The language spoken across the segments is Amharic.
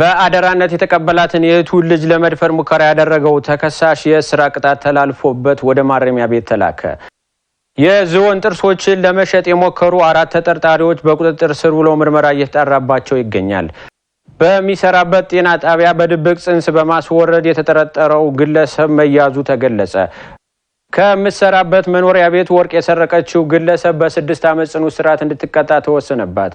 በአደራነት የተቀበላትን የእህቱን ልጅ ለመድፈር ሙከራ ያደረገው ተከሳሽ የስራ ቅጣት ተላልፎበት ወደ ማረሚያ ቤት ተላከ። የዝሆን ጥርሶችን ለመሸጥ የሞከሩ አራት ተጠርጣሪዎች በቁጥጥር ስር ውለው ምርመራ እየተጣራባቸው ይገኛል። በሚሰራበት ጤና ጣቢያ በድብቅ ጽንስ በማስወረድ የተጠረጠረው ግለሰብ መያዙ ተገለጸ። ከምትሰራበት መኖሪያ ቤት ወርቅ የሰረቀችው ግለሰብ በስድስት ዓመት ጽኑ እስራት እንድትቀጣ ተወሰነባት።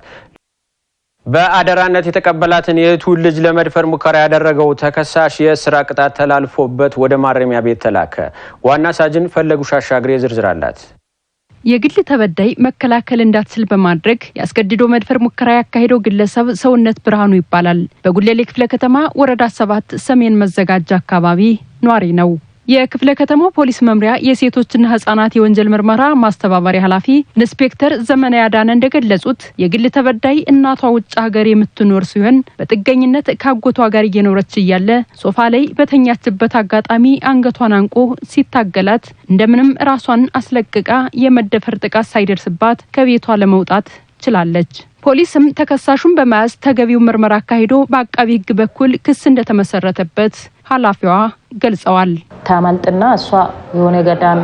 በአደራነት የተቀበላትን የእህቱን ልጅ ለመድፈር ሙከራ ያደረገው ተከሳሽ የስራ ቅጣት ተላልፎበት ወደ ማረሚያ ቤት ተላከ። ዋና ሳጅን ፈለጉ ሻሻግሬ ዝርዝር አላት። የግል ተበዳይ መከላከል እንዳትችል በማድረግ ያስገድዶ መድፈር ሙከራ ያካሄደው ግለሰብ ሰውነት ብርሃኑ ይባላል። በጉሌሌ ክፍለ ከተማ ወረዳ ሰባት ሰሜን መዘጋጃ አካባቢ ኗሪ ነው። የክፍለ ከተማው ፖሊስ መምሪያ የሴቶችና ህጻናት የወንጀል ምርመራ ማስተባበሪያ ኃላፊ ኢንስፔክተር ዘመነ ያዳነ እንደገለጹት የግል ተበዳይ እናቷ ውጭ ሀገር የምትኖር ሲሆን በጥገኝነት ካጎቷ ጋር እየኖረች እያለ ሶፋ ላይ በተኛችበት አጋጣሚ አንገቷን አንቆ ሲታገላት እንደምንም ራሷን አስለቅቃ የመደፈር ጥቃት ሳይደርስባት ከቤቷ ለመውጣት ችላለች። ፖሊስም ተከሳሹን በመያዝ ተገቢው ምርመራ አካሂዶ በአቃቢ ህግ በኩል ክስ እንደተመሰረተበት ኃላፊዋ ገልጸዋል። ታመልጥና እሷ የሆነ ገዳም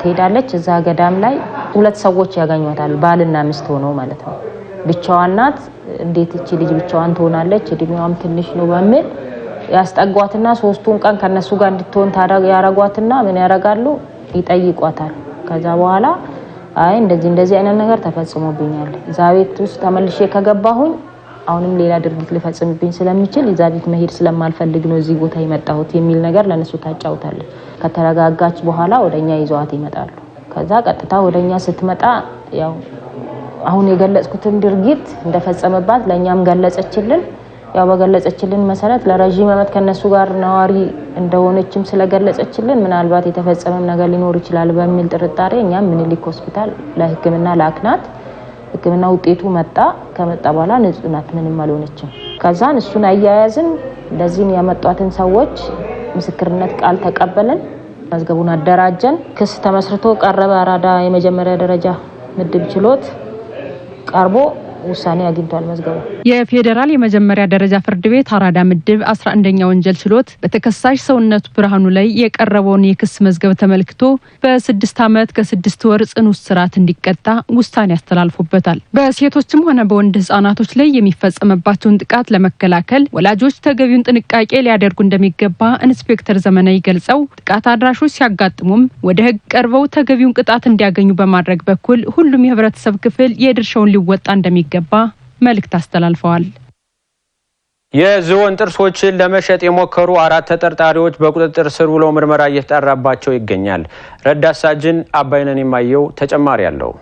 ትሄዳለች። እዛ ገዳም ላይ ሁለት ሰዎች ያገኟታል፣ ባልና ሚስት ሆነው ማለት ነው። ብቻዋን ናት። እንዴት እቺ ልጅ ብቻዋን ትሆናለች? እድሜዋም ትንሽ ነው በሚል ያስጠጓትና ሶስቱን ቀን ከነሱ ጋር እንድትሆን ያረጓትና ምን ያረጋሉ? ይጠይቋታል። ከዛ በኋላ አይ እንደዚህ እንደዚህ አይነት ነገር ተፈጽሞብኛል እዛ ቤት ውስጥ ተመልሼ ከገባሁኝ አሁንም ሌላ ድርጊት ሊፈጽምብኝ ስለሚችል እዛ ቤት መሄድ ስለማልፈልግ ነው እዚህ ቦታ የመጣሁት የሚል ነገር ለእነሱ ታጫውታለች። ከተረጋጋች በኋላ ወደ እኛ ይዘዋት ይመጣሉ። ከዛ ቀጥታ ወደ እኛ ስትመጣ ያው አሁን የገለጽኩትን ድርጊት እንደፈጸመባት ለእኛም ገለጸችልን። ያው በገለጸችልን መሰረት ለረዥም ዓመት ከነሱ ጋር ነዋሪ እንደሆነችም ስለገለጸችልን ምናልባት የተፈጸመም ነገር ሊኖር ይችላል በሚል ጥርጣሬ እኛም ምኒልክ ሆስፒታል ለሕክምና ለአክናት ህክምና ውጤቱ መጣ። ከመጣ በኋላ ንጹህ ናት፣ ምንም አልሆነችም። ከዛን እሱን አያያዝን ለዚህን ያመጧትን ሰዎች ምስክርነት ቃል ተቀበልን፣ መዝገቡን አደራጀን። ክስ ተመስርቶ ቀረበ። አራዳ የመጀመሪያ ደረጃ ምድብ ችሎት ቀርቦ ውሳኔ አግኝቷል መዝገቡ። የፌዴራል የመጀመሪያ ደረጃ ፍርድ ቤት አራዳ ምድብ አስራ አንደኛ ወንጀል ችሎት በተከሳሽ ሰውነቱ ብርሃኑ ላይ የቀረበውን የክስ መዝገብ ተመልክቶ በስድስት ዓመት ከስድስት ወር ጽኑ እስራት እንዲቀጣ ውሳኔ አስተላልፎበታል። በሴቶችም ሆነ በወንድ ህጻናቶች ላይ የሚፈጸምባቸውን ጥቃት ለመከላከል ወላጆች ተገቢውን ጥንቃቄ ሊያደርጉ እንደሚገባ ኢንስፔክተር ዘመናዊ ገልጸው ጥቃት አድራሾች ሲያጋጥሙም ወደ ህግ ቀርበው ተገቢውን ቅጣት እንዲያገኙ በማድረግ በኩል ሁሉም የህብረተሰብ ክፍል የድርሻውን ሊወጣ እንደሚገ እንደሚገባ መልእክት አስተላልፈዋል። የዝሆን ጥርሶችን ለመሸጥ የሞከሩ አራት ተጠርጣሪዎች በቁጥጥር ስር ውለው ምርመራ እየተጣራባቸው ይገኛል። ረዳት ሳጅን አባይነን የማየው ተጨማሪ አለው።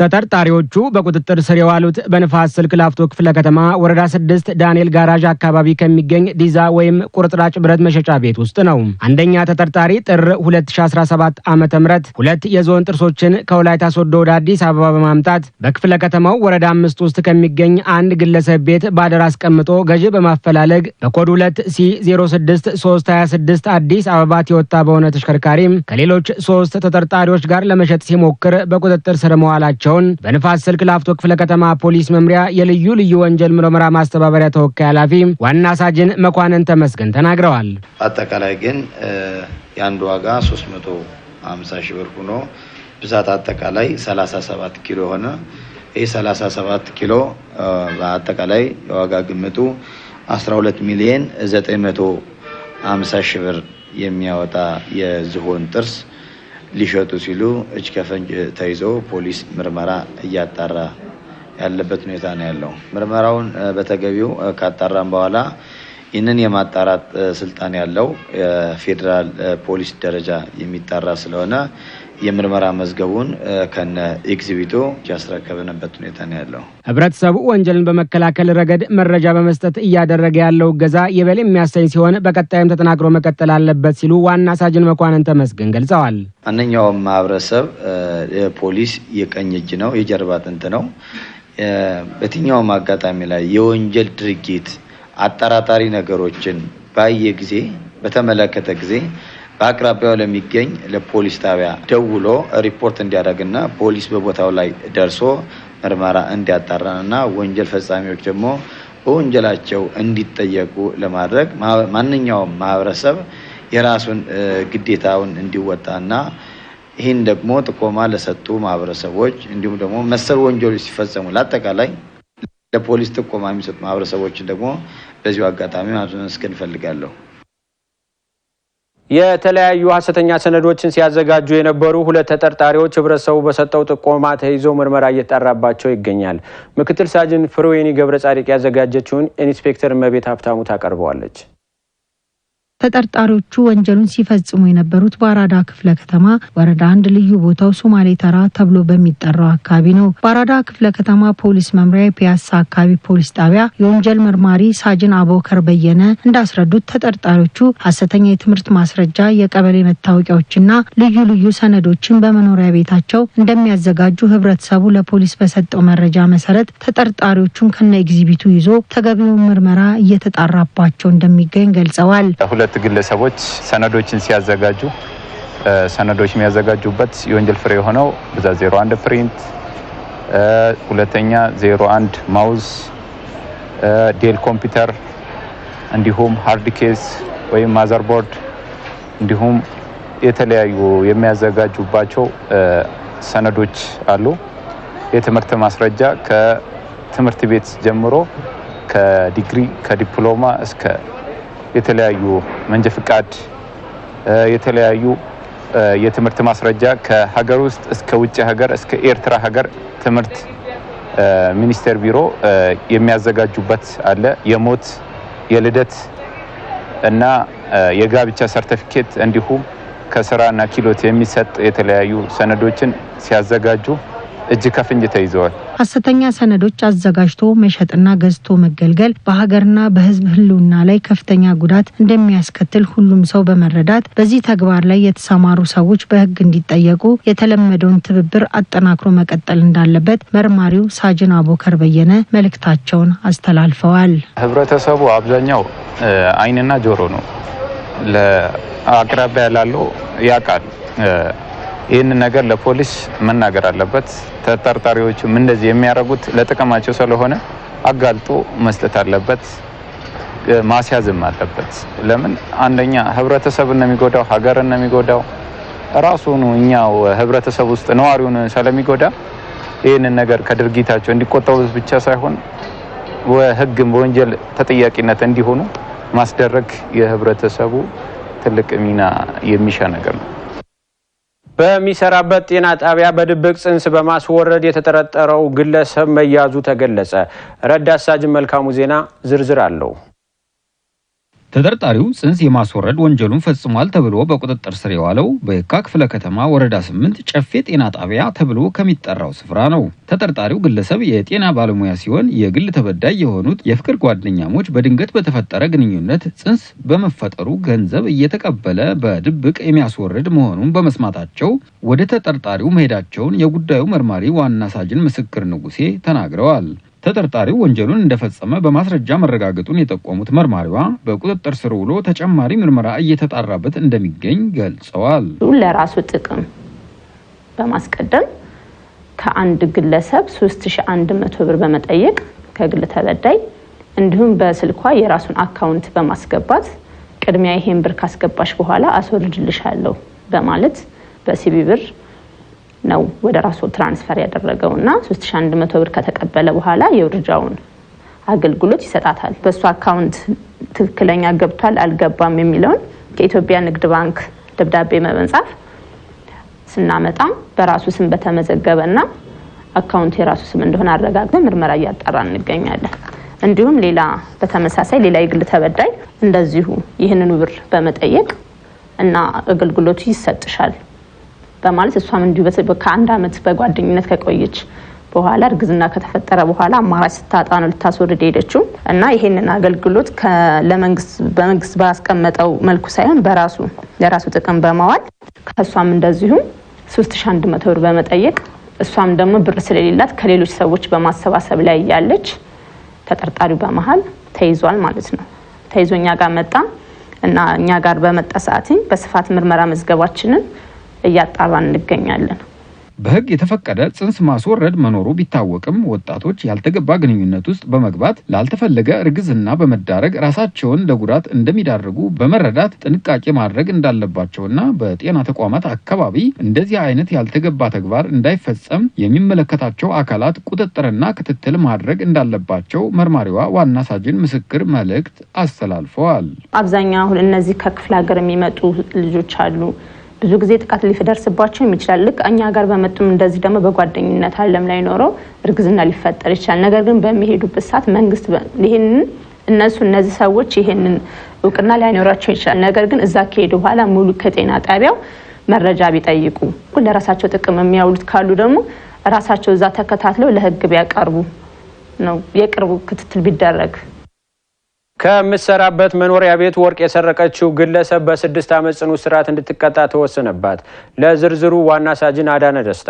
ተጠርጣሪዎቹ በቁጥጥር ስር የዋሉት በንፋስ ስልክ ላፍቶ ክፍለ ከተማ ወረዳ ስድስት ዳንኤል ጋራዥ አካባቢ ከሚገኝ ዲዛ ወይም ቁርጥራጭ ብረት መሸጫ ቤት ውስጥ ነው። አንደኛ ተጠርጣሪ ጥር 2017 ዓ ም ሁለት የዞን ጥርሶችን ከወላይታ ሶዶ ወደ አዲስ አበባ በማምጣት በክፍለ ከተማው ወረዳ አምስት ውስጥ ከሚገኝ አንድ ግለሰብ ቤት ባደር አስቀምጦ ገዢ በማፈላለግ በኮድ 2 ሲ 06 አዲስ አበባ የወጣ በሆነ ተሽከርካሪም ከሌሎች ሶስት ተጠርጣሪዎች ጋር ለመሸጥ ሲሞክር በቁጥጥር ስር መዋላቸው መሆናቸውን በንፋስ ስልክ ላፍቶ ክፍለ ከተማ ፖሊስ መምሪያ የልዩ ልዩ ወንጀል ምርመራ ማስተባበሪያ ተወካይ ኃላፊ ዋና ሳጅን መኳንን ተመስገን ተናግረዋል። አጠቃላይ ግን የአንድ ዋጋ 350 ሺህ ብር ሆኖ ብዛት አጠቃላይ 37 ኪሎ ሆነ። ይህ 37 ኪሎ በአጠቃላይ የዋጋ ግምቱ 12 ሚሊየን 950 ሺህ ብር የሚያወጣ የዝሆን ጥርስ ሊሸጡ ሲሉ እጅ ከፍንጅ ተይዘው ፖሊስ ምርመራ እያጣራ ያለበት ሁኔታ ነው ያለው። ምርመራውን በተገቢው ካጣራም በኋላ ይህንን የማጣራት ስልጣን ያለው የፌዴራል ፖሊስ ደረጃ የሚጣራ ስለሆነ የምርመራ መዝገቡን ከነ ኤግዚቢቶ ያስረከብንበት ሁኔታ ነው ያለው። ህብረተሰቡ ወንጀልን በመከላከል ረገድ መረጃ በመስጠት እያደረገ ያለው እገዛ የበል የሚያሰኝ ሲሆን በቀጣይም ተጠናክሮ መቀጠል አለበት ሲሉ ዋና ሳጅን መኳንን ተመስገን ገልጸዋል። ማንኛውም ማህበረሰብ የፖሊስ የቀኝ እጅ ነው፣ የጀርባ አጥንት ነው። በየትኛውም አጋጣሚ ላይ የወንጀል ድርጊት አጠራጣሪ ነገሮችን ባየ ጊዜ በተመለከተ ጊዜ በአቅራቢያው ለሚገኝ ለፖሊስ ጣቢያ ደውሎ ሪፖርት እንዲያደርግና ፖሊስ በቦታው ላይ ደርሶ ምርመራ እንዲያጣራና ወንጀል ፈጻሚዎች ደግሞ በወንጀላቸው እንዲጠየቁ ለማድረግ ማንኛውም ማህበረሰብ የራሱን ግዴታውን እንዲወጣና ይህን ደግሞ ጥቆማ ለሰጡ ማህበረሰቦች እንዲሁም ደግሞ መሰል ወንጀሎች ሲፈጸሙ ለአጠቃላይ ለፖሊስ ጥቆማ የሚሰጡ ማህበረሰቦችን ደግሞ በዚሁ አጋጣሚ ማመስገን እንፈልጋለሁ። የተለያዩ ሀሰተኛ ሰነዶችን ሲያዘጋጁ የነበሩ ሁለት ተጠርጣሪዎች ህብረተሰቡ በሰጠው ጥቆማ ተይዘው ምርመራ እየጠራባቸው ይገኛል። ምክትል ሳጅን ፍሬወይኒ ገብረ ጻድቅ ያዘጋጀችውን ኢንስፔክተር መቤት ሀብታሙ ታቀርበዋለች። ተጠርጣሪዎቹ ወንጀሉን ሲፈጽሙ የነበሩት በአራዳ ክፍለ ከተማ ወረዳ አንድ ልዩ ቦታው ሶማሌ ተራ ተብሎ በሚጠራው አካባቢ ነው። በአራዳ ክፍለ ከተማ ፖሊስ መምሪያ የፒያሳ አካባቢ ፖሊስ ጣቢያ የወንጀል መርማሪ ሳጅን አቦከር በየነ እንዳስረዱት ተጠርጣሪዎቹ ሐሰተኛ የትምህርት ማስረጃ፣ የቀበሌ መታወቂያዎችና ልዩ ልዩ ሰነዶችን በመኖሪያ ቤታቸው እንደሚያዘጋጁ ህብረተሰቡ ለፖሊስ በሰጠው መረጃ መሰረት ተጠርጣሪዎቹን ከነ ኤግዚቢቱ ይዞ ተገቢውን ምርመራ እየተጣራባቸው እንደሚገኝ ገልጸዋል። ሁለት ግለሰቦች ሰነዶችን ሲያዘጋጁ ሰነዶች የሚያዘጋጁበት የወንጀል ፍሬ የሆነው ብዛት 01 ፕሪንት፣ ሁለተኛ 01 ማውዝ፣ ዴል ኮምፒውተር እንዲሁም ሃርድ ኬስ ወይም ማዘርቦርድ እንዲሁም የተለያዩ የሚያዘጋጁባቸው ሰነዶች አሉ። የትምህርት ማስረጃ ከትምህርት ቤት ጀምሮ ከዲግሪ ከዲፕሎማ እስከ የተለያዩ መንጃ ፍቃድ፣ የተለያዩ የትምህርት ማስረጃ ከሀገር ውስጥ እስከ ውጭ ሀገር እስከ ኤርትራ ሀገር ትምህርት ሚኒስቴር ቢሮ የሚያዘጋጁበት አለ። የሞት የልደት እና የጋብቻ ሰርተፊኬት እንዲሁም ከስራና ኪሎት የሚሰጥ የተለያዩ ሰነዶችን ሲያዘጋጁ እጅ ከፍንጅ ተይዘዋል። ሀሰተኛ ሰነዶች አዘጋጅቶ መሸጥና ገዝቶ መገልገል በሀገርና በሕዝብ ህልውና ላይ ከፍተኛ ጉዳት እንደሚያስከትል ሁሉም ሰው በመረዳት በዚህ ተግባር ላይ የተሰማሩ ሰዎች በህግ እንዲጠየቁ የተለመደውን ትብብር አጠናክሮ መቀጠል እንዳለበት መርማሪው ሳጅን አቦከር በየነ መልእክታቸውን አስተላልፈዋል። ህብረተሰቡ አብዛኛው አይንና ጆሮ ነው ለአቅራቢያ ላለው ያውቃል። ይህንን ነገር ለፖሊስ መናገር አለበት። ተጠርጣሪዎችም እንደዚህ የሚያደርጉት ለጥቅማቸው ስለሆነ አጋልጦ መስጠት አለበት፣ ማስያዝም አለበት። ለምን አንደኛ ህብረተሰብን ነው የሚጎዳው፣ ሀገርን ነው የሚጎዳው፣ ራሱን እኛው ህብረተሰብ ውስጥ ነዋሪውን ስለሚጎዳ ይህንን ነገር ከድርጊታቸው እንዲቆጠቡት ብቻ ሳይሆን ህግም በወንጀል ተጠያቂነት እንዲሆኑ ማስደረግ የህብረተሰቡ ትልቅ ሚና የሚሻ ነገር ነው። በሚሰራበት ጤና ጣቢያ በድብቅ ጽንስ በማስወረድ የተጠረጠረው ግለሰብ መያዙ ተገለጸ። ረዳት ሳጅን መልካሙ ዜና ዝርዝር አለው። ተጠርጣሪው ጽንስ የማስወረድ ወንጀሉን ፈጽሟል ተብሎ በቁጥጥር ስር የዋለው በየካ ክፍለ ከተማ ወረዳ ስምንት ጨፌ ጤና ጣቢያ ተብሎ ከሚጠራው ስፍራ ነው። ተጠርጣሪው ግለሰብ የጤና ባለሙያ ሲሆን የግል ተበዳይ የሆኑት የፍቅር ጓደኛሞች በድንገት በተፈጠረ ግንኙነት ጽንስ በመፈጠሩ ገንዘብ እየተቀበለ በድብቅ የሚያስወርድ መሆኑን በመስማታቸው ወደ ተጠርጣሪው መሄዳቸውን የጉዳዩ መርማሪ ዋና ሳጅን ምስክር ንጉሴ ተናግረዋል። ተጠርጣሪው ወንጀሉን እንደፈጸመ በማስረጃ መረጋገጡን የጠቆሙት መርማሪዋ በቁጥጥር ስር ውሎ ተጨማሪ ምርመራ እየተጣራበት እንደሚገኝ ገልጸዋል። ለራሱ ጥቅም በማስቀደም ከአንድ ግለሰብ 3100 ብር በመጠየቅ ከግል ተበዳይ እንዲሁም በስልኳ የራሱን አካውንት በማስገባት ቅድሚያ ይሄን ብር ካስገባሽ በኋላ አስወርድልሻለሁ በማለት በሲቢ ብር ነው ወደ ራሱ ትራንስፈር ያደረገው እና 3100 ብር ከተቀበለ በኋላ የውርጃውን አገልግሎት ይሰጣታል። በእሱ አካውንት ትክክለኛ ገብቷል አልገባም የሚለውን ከኢትዮጵያ ንግድ ባንክ ደብዳቤ በመጻፍ ስናመጣም በራሱ ስም በተመዘገበና አካውንት የራሱ ስም እንደሆነ አረጋግጠን ምርመራ እያጣራ እንገኛለን። እንዲሁም ሌላ በተመሳሳይ ሌላ የግል ተበዳይ እንደዚሁ ይህንን ብር በመጠየቅ እና አገልግሎቱ ይሰጥሻል በማለት እሷም እንዲሁ ከአንድ ዓመት በጓደኝነት ከቆየች በኋላ እርግዝና ከተፈጠረ በኋላ አማራጭ ስታጣ ነው ልታስወርድ ሄደችው እና ይሄንን አገልግሎት በመንግስት ባስቀመጠው መልኩ ሳይሆን በራሱ ለራሱ ጥቅም በማዋል ከእሷም እንደዚሁ ሶስት ሺ አንድ መቶ ብር በመጠየቅ እሷም ደግሞ ብር ስለሌላት ከሌሎች ሰዎች በማሰባሰብ ላይ እያለች ተጠርጣሪው በመሀል ተይዟል ማለት ነው። ተይዞ እኛ ጋር መጣ እና እኛ ጋር በመጣ ሰዓትኝ በስፋት ምርመራ መዝገባችንን እያጣራን እንገኛለን። በህግ የተፈቀደ ጽንስ ማስወረድ መኖሩ ቢታወቅም ወጣቶች ያልተገባ ግንኙነት ውስጥ በመግባት ላልተፈለገ እርግዝና በመዳረግ ራሳቸውን ለጉዳት እንደሚዳርጉ በመረዳት ጥንቃቄ ማድረግ እንዳለባቸውና በጤና ተቋማት አካባቢ እንደዚህ አይነት ያልተገባ ተግባር እንዳይፈጸም የሚመለከታቸው አካላት ቁጥጥርና ክትትል ማድረግ እንዳለባቸው መርማሪዋ ዋና ሳጅን ምስክር መልእክት አስተላልፈዋል። አብዛኛው አሁን እነዚህ ከክፍለ ሀገር የሚመጡ ልጆች አሉ ብዙ ጊዜ ጥቃት ሊደርስባቸውም ይችላል። ልክ እኛ ጋር በመጡም እንደዚህ ደግሞ በጓደኝነት አለም ላይ ኖረው እርግዝና ሊፈጠር ይችላል። ነገር ግን በሚሄዱበት ሰዓት መንግስት ይህንን እነሱ እነዚህ ሰዎች ይህንን እውቅና ላይኖራቸው ይችላል። ነገር ግን እዛ ከሄዱ በኋላ ሙሉ ከጤና ጣቢያው መረጃ ቢጠይቁ፣ ለራሳቸው ጥቅም የሚያውሉት ካሉ ደግሞ ራሳቸው እዛ ተከታትለው ለህግ ቢያቀርቡ ነው የቅርቡ ክትትል ቢደረግ ከምትሰራበት መኖሪያ ቤት ወርቅ የሰረቀችው ግለሰብ በስድስት ዓመት ጽኑ እስራት እንድትቀጣ ተወሰነባት። ለዝርዝሩ ዋና ሳጅን አዳነ ደስታ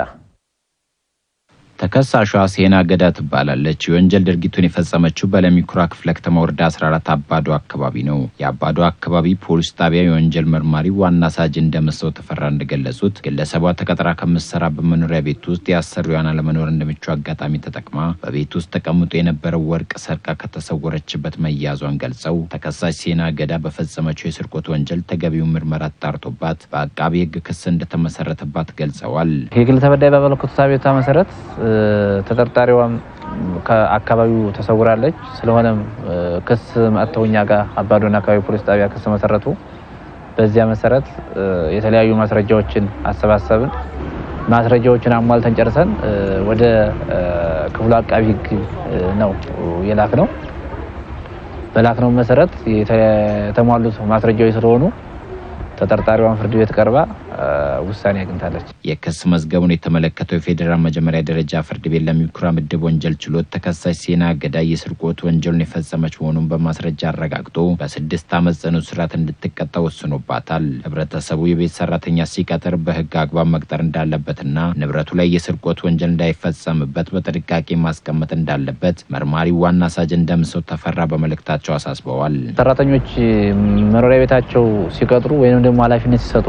ተከሳሿ ሴና ገዳ ትባላለች። የወንጀል ድርጊቱን የፈጸመችው በለሚኩራ ክፍለ ከተማ ወረዳ 14 አባዶ አካባቢ ነው። የአባዶ አካባቢ ፖሊስ ጣቢያ የወንጀል መርማሪ ዋና ሳጅ እንደመሰው ተፈራ እንደገለጹት ግለሰቧ ተቀጥራ ከምትሰራ በመኖሪያ ቤት ውስጥ የአሰሪዋን አለመኖር እንደምቹ አጋጣሚ ተጠቅማ በቤት ውስጥ ተቀምጦ የነበረው ወርቅ ሰርቃ ከተሰወረችበት መያዟን ገልጸው ተከሳሽ ሴና ገዳ በፈጸመችው የስርቆት ወንጀል ተገቢውን ምርመራ ተጣርቶባት በአቃቢ ሕግ ክስ እንደተመሰረተባት ገልጸዋል። የግል ተበዳይ ባመለከቱት አቤቱታ መሰረት ተጠርጣሪዋም ከአካባቢው ተሰውራለች። ስለሆነም ክስ መጥተው እኛ ጋር አባዶን አካባቢ ፖሊስ ጣቢያ ክስ መሰረቱ። በዚያ መሰረት የተለያዩ ማስረጃዎችን አሰባሰብን። ማስረጃዎችን አሟልተን ጨርሰን ወደ ክፍሉ አቃቢ ህግ ነው የላክ ነው። በላክ ነው መሰረት የተሟሉት ማስረጃዎች ስለሆኑ ተጠርጣሪዋን ፍርድ ቤት ቀርባ ውሳኔ አግኝታለች። የክስ መዝገቡን የተመለከተው የፌዴራል መጀመሪያ ደረጃ ፍርድ ቤት ለሚኩራ ምድብ ወንጀል ችሎት ተከሳሽ ሴና ገዳይ የስርቆት ወንጀሉን የፈጸመች መሆኑን በማስረጃ አረጋግጦ በስድስት ዓመት ጽኑ እስራት እንድትቀጣ ወስኖባታል። ህብረተሰቡ የቤት ሰራተኛ ሲቀጥር በህግ አግባብ መቅጠር እንዳለበትና ንብረቱ ላይ የስርቆት ወንጀል እንዳይፈጸምበት በጥንቃቄ ማስቀመጥ እንዳለበት መርማሪ ዋና ሳጅን ደምሰው ተፈራ በመልእክታቸው አሳስበዋል። ሰራተኞች መኖሪያ ቤታቸው ሲቀጥሩ ወይም ወይም ደግሞ ኃላፊነት ሲሰጡ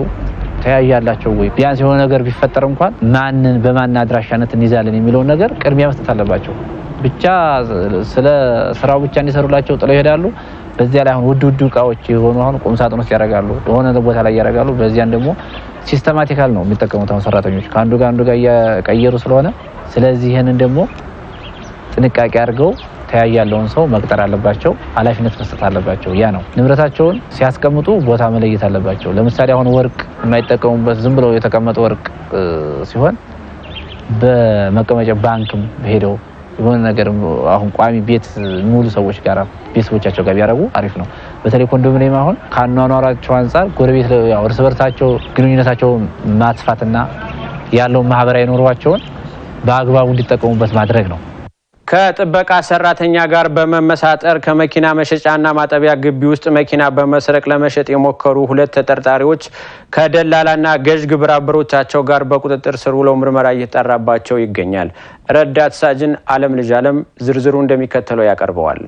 ተያያላቸው ወይ ቢያንስ የሆነ ነገር ቢፈጠር እንኳን ማንን በማን አድራሻነት እንይዛለን የሚለውን ነገር ቅድሚያ መስጠት አለባቸው። ብቻ ስለ ስራው ብቻ እንዲሰሩላቸው ጥለው ይሄዳሉ። በዚያ ላይ አሁን ውድ ውድ እቃዎች የሆኑ አሁን ቁም ሳጥን ውስጥ ያደርጋሉ፣ የሆነ ቦታ ላይ ያደርጋሉ። በዚያን ደግሞ ሲስተማቲካል ነው የሚጠቀሙት አሁን ሰራተኞች ከአንዱ ጋር አንዱ ጋር እየቀየሩ ስለሆነ ስለዚህ ይህንን ደግሞ ጥንቃቄ አድርገው ተያይ ያለውን ሰው መቅጠር አለባቸው፣ ኃላፊነት መስጠት አለባቸው። ያ ነው ንብረታቸውን ሲያስቀምጡ ቦታ መለየት አለባቸው። ለምሳሌ አሁን ወርቅ የማይጠቀሙበት ዝም ብለው የተቀመጠ ወርቅ ሲሆን በመቀመጫ ባንክም ሄደው የሆነ ነገር አሁን ቋሚ ቤት ሙሉ ሰዎች ጋር ቤተሰቦቻቸው ጋር ቢያደርጉ አሪፍ ነው። በተለይ ኮንዶሚኒየም አሁን ከአኗኗራቸው አንጻር ጎረቤት እርስ በርሳቸው ግንኙነታቸው ማስፋትና ያለውን ማህበራዊ ኑሯቸውን በአግባቡ እንዲጠቀሙበት ማድረግ ነው። ከጥበቃ ሰራተኛ ጋር በመመሳጠር ከመኪና መሸጫና ማጠቢያ ግቢ ውስጥ መኪና በመስረቅ ለመሸጥ የሞከሩ ሁለት ተጠርጣሪዎች ከደላላና ገዥ ግብር ጋር በቁጥጥር ስር ውለው ምርመራ እየተጠራባቸው ይገኛል። ረዳት ሳጅን አለም ልጅ አለም ዝርዝሩ እንደሚከተለው ያቀርበዋል።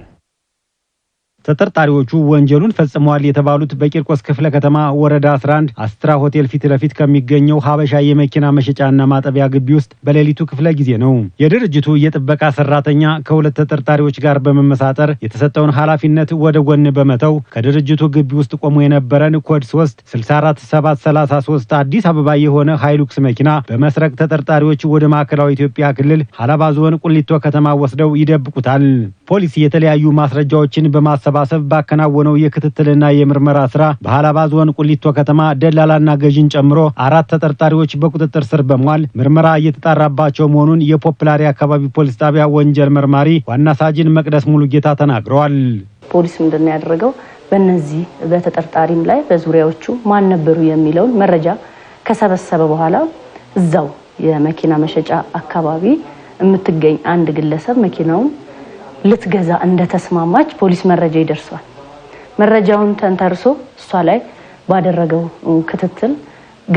ተጠርጣሪዎቹ ወንጀሉን ፈጽመዋል የተባሉት በቂርቆስ ክፍለ ከተማ ወረዳ 11 አስትራ ሆቴል ፊት ለፊት ከሚገኘው ሀበሻ የመኪና መሸጫና ማጠቢያ ግቢ ውስጥ በሌሊቱ ክፍለ ጊዜ ነው። የድርጅቱ የጥበቃ ሰራተኛ ከሁለት ተጠርጣሪዎች ጋር በመመሳጠር የተሰጠውን ኃላፊነት ወደ ጎን በመተው ከድርጅቱ ግቢ ውስጥ ቆሞ የነበረን ኮድ 3 64733 አዲስ አበባ የሆነ ሃይሉክስ መኪና በመስረቅ ተጠርጣሪዎች ወደ ማዕከላዊ ኢትዮጵያ ክልል ሀላባ ዞን ቁሊቶ ከተማ ወስደው ይደብቁታል። ፖሊስ የተለያዩ ማስረጃዎችን በማሰ በማሰባሰብ ባከናወነው የክትትልና የምርመራ ስራ በሀላባ ዞን ቁሊቶ ከተማ ደላላና ገዥን ጨምሮ አራት ተጠርጣሪዎች በቁጥጥር ስር በመዋል ምርመራ እየተጣራባቸው መሆኑን የፖፕላሪ አካባቢ ፖሊስ ጣቢያ ወንጀል መርማሪ ዋና ሳጅን መቅደስ ጌታ ተናግረዋል። ፖሊስ ምንድን ያደረገው በእነዚህ በተጠርጣሪም ላይ በዙሪያዎቹ ማን ነበሩ የሚለውን መረጃ ከሰበሰበ በኋላ እዛው የመኪና መሸጫ አካባቢ የምትገኝ አንድ ግለሰብ መኪናውን ልትገዛ እንደተስማማች ፖሊስ መረጃ ይደርሷል። መረጃውን ተንተርሶ እሷ ላይ ባደረገው ክትትል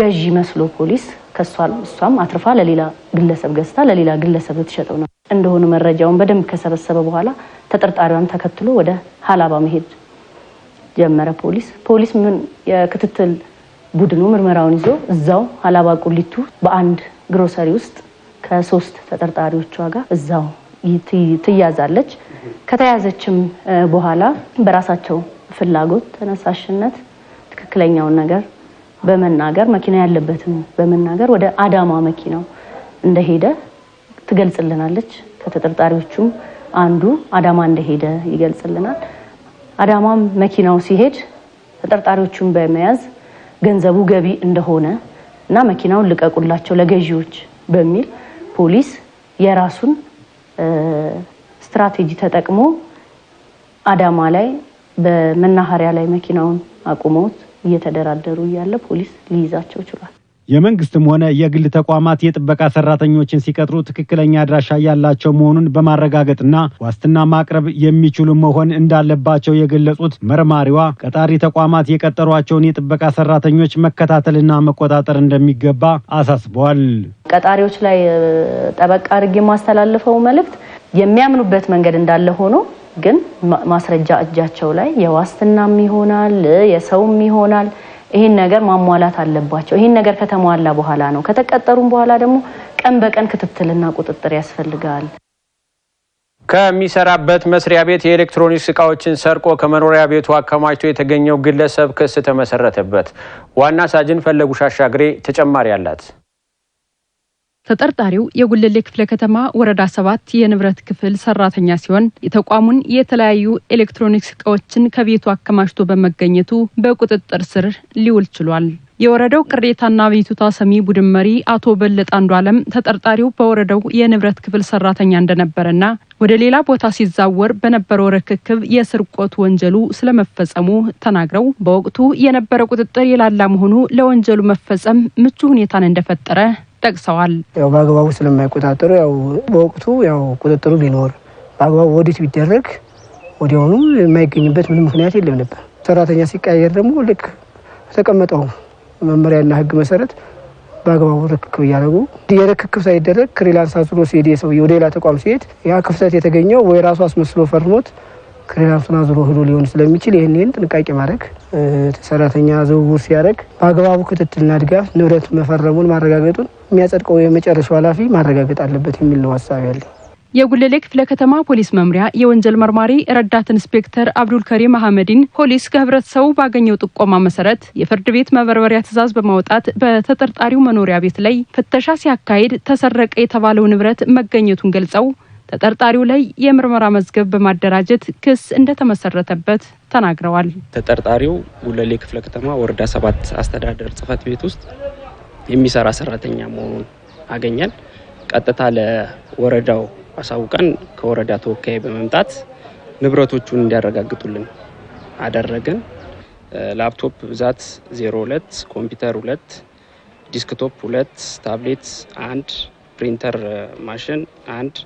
ገዢ መስሎ ፖሊስ ከሷል። እሷም አትርፋ ለሌላ ግለሰብ ገዝታ ለሌላ ግለሰብ ልትሸጠው ነው እንደሆነ መረጃውን በደንብ ከሰበሰበ በኋላ ተጠርጣሪዋን ተከትሎ ወደ ሀላባ መሄድ ጀመረ ፖሊስ። ፖሊስ ምን የክትትል ቡድኑ ምርመራውን ይዞ እዛው ሀላባ ቁሊቱ በአንድ ግሮሰሪ ውስጥ ከሶስት ተጠርጣሪዎቿ ጋር እዛው ትያዛለች። ከተያዘችም በኋላ በራሳቸው ፍላጎት፣ ተነሳሽነት ትክክለኛውን ነገር በመናገር መኪና ያለበትን በመናገር ወደ አዳማ መኪናው እንደሄደ ትገልጽልናለች። ከተጠርጣሪዎቹም አንዱ አዳማ እንደሄደ ይገልጽልናል። አዳማም መኪናው ሲሄድ ተጠርጣሪዎቹን በመያዝ ገንዘቡ ገቢ እንደሆነ እና መኪናውን ልቀቁላቸው ለገዢዎች በሚል ፖሊስ የራሱን ስትራቴጂ ተጠቅሞ አዳማ ላይ በመናኸሪያ ላይ መኪናውን አቁመውት እየተደራደሩ እያለ ፖሊስ ሊይዛቸው ችሏል። የመንግስትም ሆነ የግል ተቋማት የጥበቃ ሰራተኞችን ሲቀጥሩ ትክክለኛ አድራሻ ያላቸው መሆኑን በማረጋገጥና ዋስትና ማቅረብ የሚችሉ መሆን እንዳለባቸው የገለጹት መርማሪዋ ቀጣሪ ተቋማት የቀጠሯቸውን የጥበቃ ሰራተኞች መከታተልና መቆጣጠር እንደሚገባ አሳስበዋል። ቀጣሪዎች ላይ ጠበቅ አድርጌ የማስተላልፈው መልእክት የሚያምኑበት መንገድ እንዳለ ሆኖ ግን ማስረጃ እጃቸው ላይ የዋስትናም ይሆናል የሰውም ይሆናል ይህን ነገር ማሟላት አለባቸው። ይህን ነገር ከተሟላ በኋላ ነው። ከተቀጠሩም በኋላ ደግሞ ቀን በቀን ክትትልና ቁጥጥር ያስፈልጋል። ከሚሰራበት መስሪያ ቤት የኤሌክትሮኒክስ እቃዎችን ሰርቆ ከመኖሪያ ቤቱ አከማችቶ የተገኘው ግለሰብ ክስ ተመሰረተበት። ዋና ሳጅን ፈለጉ ሻሻግሬ ተጨማሪ አላት። ተጠርጣሪው የጉልሌ ክፍለ ከተማ ወረዳ ሰባት የንብረት ክፍል ሰራተኛ ሲሆን የተቋሙን የተለያዩ ኤሌክትሮኒክስ እቃዎችን ከቤቱ አከማችቶ በመገኘቱ በቁጥጥር ስር ሊውል ችሏል። የወረዳው ቅሬታና አቤቱታ ሰሚ ቡድን መሪ አቶ በለጠ አንዱ አለም ተጠርጣሪው በወረዳው የንብረት ክፍል ሰራተኛ እንደነበረና ወደ ሌላ ቦታ ሲዛወር በነበረው ርክክብ የስርቆት ወንጀሉ ስለመፈጸሙ ተናግረው በወቅቱ የነበረ ቁጥጥር የላላ መሆኑ ለወንጀሉ መፈጸም ምቹ ሁኔታን እንደፈጠረ ጠቅሰዋል። ያው በአግባቡ ስለማይቆጣጠሩ ያው በወቅቱ ያው ቁጥጥሩ ቢኖር በአግባቡ ወዴት ቢደረግ ወዲያውኑ የማይገኝበት ምንም ምክንያት የለም ነበር። ሰራተኛ ሲቀያየር ደግሞ ልክ ተቀመጠው መመሪያና ህግ መሰረት በአግባቡ ርክክብ እያደረጉ የርክክብ ሳይደረግ ክሪላንስ አስሮ ሲሄድ የሰው ወደ ሌላ ተቋም ሲሄድ ያ ክፍተት የተገኘው ወይ ራሱ አስመስሎ ፈርሞት ራሱን አዙሮ ህዶ ሊሆን ስለሚችል ይህን ይህን ጥንቃቄ ማድረግ ሰራተኛ ዝውውር ሲያደርግ በአግባቡ ክትትልና ድጋፍ ንብረት መፈረሙን ማረጋገጡን የሚያጸድቀው የመጨረሻው ኃላፊ ማረጋገጥ አለበት የሚል ነው ሀሳብ ያለ የጉለሌ ክፍለ ከተማ ፖሊስ መምሪያ የወንጀል መርማሪ ረዳት ኢንስፔክተር አብዱል ከሪም አህመዲን ፖሊስ ከህብረተሰቡ ባገኘው ጥቆማ መሰረት የፍርድ ቤት መበርበሪያ ትዕዛዝ በማውጣት በተጠርጣሪው መኖሪያ ቤት ላይ ፍተሻ ሲያካሂድ ተሰረቀ የተባለው ንብረት መገኘቱን ገልጸው ተጠርጣሪው ላይ የምርመራ መዝገብ በማደራጀት ክስ እንደተመሰረተበት ተናግረዋል። ተጠርጣሪው ጉለሌ ክፍለ ከተማ ወረዳ ሰባት አስተዳደር ጽህፈት ቤት ውስጥ የሚሰራ ሰራተኛ መሆኑን አገኘን። ቀጥታ ለወረዳው አሳውቀን ከወረዳ ተወካይ በመምጣት ንብረቶቹን እንዲያረጋግጡልን አደረግን። ላፕቶፕ ብዛት 02፣ ኮምፒውተር 2፣ ዲስክቶፕ 2፣ ታብሌት አንድ፣ ፕሪንተር ማሽን አንድ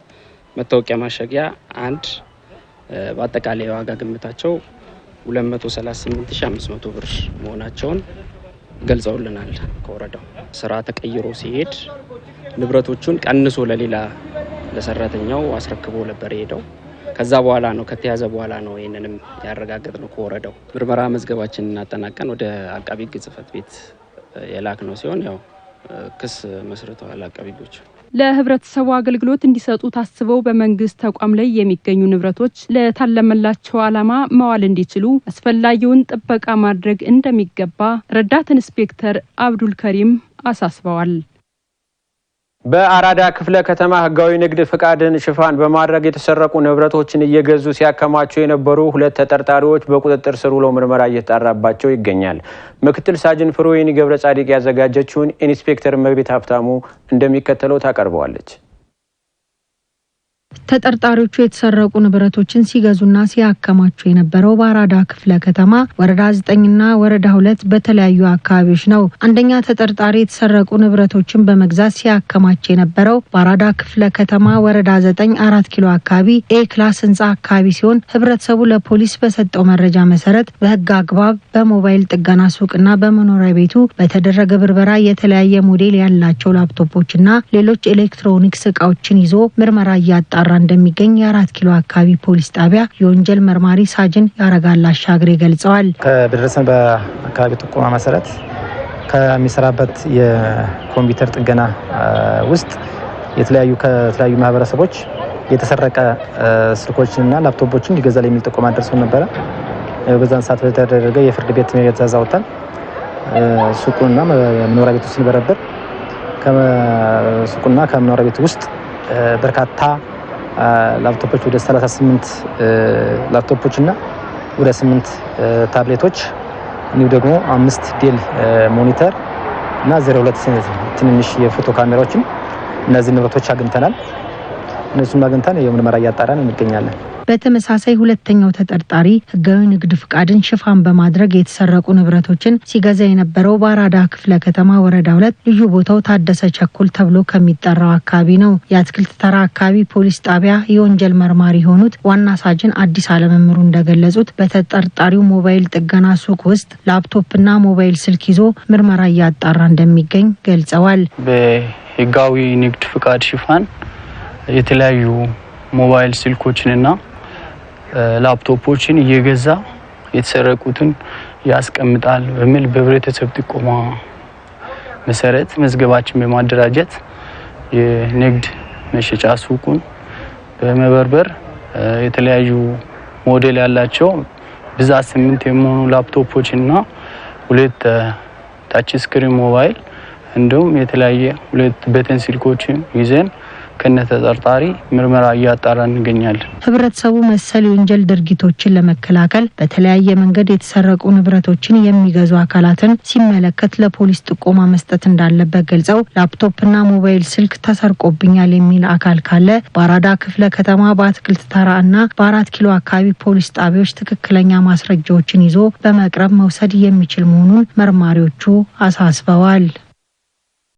መታወቂያ ማሸጊያ አንድ በአጠቃላይ የዋጋ ግምታቸው 238500 ብር መሆናቸውን ገልጸውልናል። ከወረዳው ስራ ተቀይሮ ሲሄድ ንብረቶቹን ቀንሶ ለሌላ ለሰራተኛው አስረክቦ ነበር የሄደው። ከዛ በኋላ ነው ከተያዘ በኋላ ነው ይህንንም ያረጋገጥ ነው ከወረዳው። ምርመራ መዝገባችንን እናጠናቀን ወደ አቃቢ ሕግ ቤት የላክ ነው ሲሆን ያው ክስ መስርተዋል አቃቢ ሕጎች። ለህብረተሰቡ አገልግሎት እንዲሰጡ ታስበው በመንግስት ተቋም ላይ የሚገኙ ንብረቶች ለታለመላቸው ዓላማ መዋል እንዲችሉ አስፈላጊውን ጥበቃ ማድረግ እንደሚገባ ረዳት ኢንስፔክተር አብዱል ከሪም አሳስበዋል። በአራዳ ክፍለ ከተማ ህጋዊ ንግድ ፍቃድን ሽፋን በማድረግ የተሰረቁ ንብረቶችን እየገዙ ሲያከማቸው የነበሩ ሁለት ተጠርጣሪዎች በቁጥጥር ስር ውለው ምርመራ እየተጣራባቸው ይገኛል። ምክትል ሳጅን ፍሮዌኒ ገብረ ጻዲቅ ያዘጋጀችውን ኢንስፔክተር መቤት ሀብታሙ እንደሚከተለው ታቀርበዋለች። ተጠርጣሪዎቹ የተሰረቁ ንብረቶችን ሲገዙና ሲያከማቹ የነበረው በአራዳ ክፍለ ከተማ ወረዳ ዘጠኝና ወረዳ ሁለት በተለያዩ አካባቢዎች ነው። አንደኛ ተጠርጣሪ የተሰረቁ ንብረቶችን በመግዛት ሲያከማች የነበረው በአራዳ ክፍለ ከተማ ወረዳ ዘጠኝ አራት ኪሎ አካባቢ ኤ ክላስ ህንፃ አካባቢ ሲሆን ህብረተሰቡ ለፖሊስ በሰጠው መረጃ መሰረት በህግ አግባብ በሞባይል ጥገና ሱቅና በመኖሪያ ቤቱ በተደረገ ብርበራ የተለያየ ሞዴል ያላቸው ላፕቶፖችና ሌሎች ኤሌክትሮኒክስ እቃዎችን ይዞ ምርመራ እያጣ እየተጣራ እንደሚገኝ የአራት ኪሎ አካባቢ ፖሊስ ጣቢያ የወንጀል መርማሪ ሳጅን ያረጋል አሻግሬ ገልጸዋል። ከደረሰን በአካባቢ ጥቆማ መሰረት ከሚሰራበት የኮምፒውተር ጥገና ውስጥ የተለያዩ ከተለያዩ ማህበረሰቦች የተሰረቀ ስልኮችንና ላፕቶፖችን ይገዛል የሚል ጥቆማ ደርሶ ነበረ። በዛን ሰዓት በተደረገ የፍርድ ቤት ትዕዛዝ አውጥተን ሱቁንና መኖሪያ ቤቱ ስንበረብር ሱቁና ከመኖሪያ ቤቱ ውስጥ በርካታ ላፕቶፖች ወደ 38 ላፕቶፖች እና ወደ 8 ታብሌቶች እንዲሁ ደግሞ አምስት ዴል ሞኒተር እና 02 ትንንሽ የፎቶ ካሜራዎችን እነዚህ ንብረቶች አግኝተናል። እነሱም አግኝተን የምርመራ እያጣራን እንገኛለን። በተመሳሳይ ሁለተኛው ተጠርጣሪ ህጋዊ ንግድ ፍቃድን ሽፋን በማድረግ የተሰረቁ ንብረቶችን ሲገዛ የነበረው በአራዳ ክፍለ ከተማ ወረዳ ሁለት ልዩ ቦታው ታደሰ ቸኩል ተብሎ ከሚጠራው አካባቢ ነው። የአትክልት ተራ አካባቢ ፖሊስ ጣቢያ የወንጀል መርማሪ የሆኑት ዋና ሳጅን አዲስ አለመምሩ እንደገለጹት በተጠርጣሪው ሞባይል ጥገና ሱቅ ውስጥ ላፕቶፕና ሞባይል ስልክ ይዞ ምርመራ እያጣራ እንደሚገኝ ገልጸዋል። በህጋዊ ንግድ ፍቃድ ሽፋን የተለያዩ ሞባይል ስልኮችንና ላፕቶፖችን እየገዛ የተሰረቁትን ያስቀምጣል በሚል በህብረተሰብ ጥቆማ መሰረት መዝገባችን በማደራጀት የንግድ መሸጫ ሱቁን በመበርበር የተለያዩ ሞዴል ያላቸው ብዛት ስምንት የሚሆኑ ላፕቶፖች እና ሁለት ታች ስክሪን ሞባይል እንዲሁም የተለያየ ሁለት በተን ስልኮችን ይዘን ከነ ተጠርጣሪ ምርመራ እያጣራ እንገኛለን። ህብረተሰቡ መሰል የወንጀል ድርጊቶችን ለመከላከል በተለያየ መንገድ የተሰረቁ ንብረቶችን የሚገዙ አካላትን ሲመለከት ለፖሊስ ጥቆማ መስጠት እንዳለበት ገልጸው ላፕቶፕና ሞባይል ስልክ ተሰርቆብኛል የሚል አካል ካለ በአራዳ ክፍለ ከተማ በአትክልት ተራ እና በአራት ኪሎ አካባቢ ፖሊስ ጣቢያዎች ትክክለኛ ማስረጃዎችን ይዞ በመቅረብ መውሰድ የሚችል መሆኑን መርማሪዎቹ አሳስበዋል።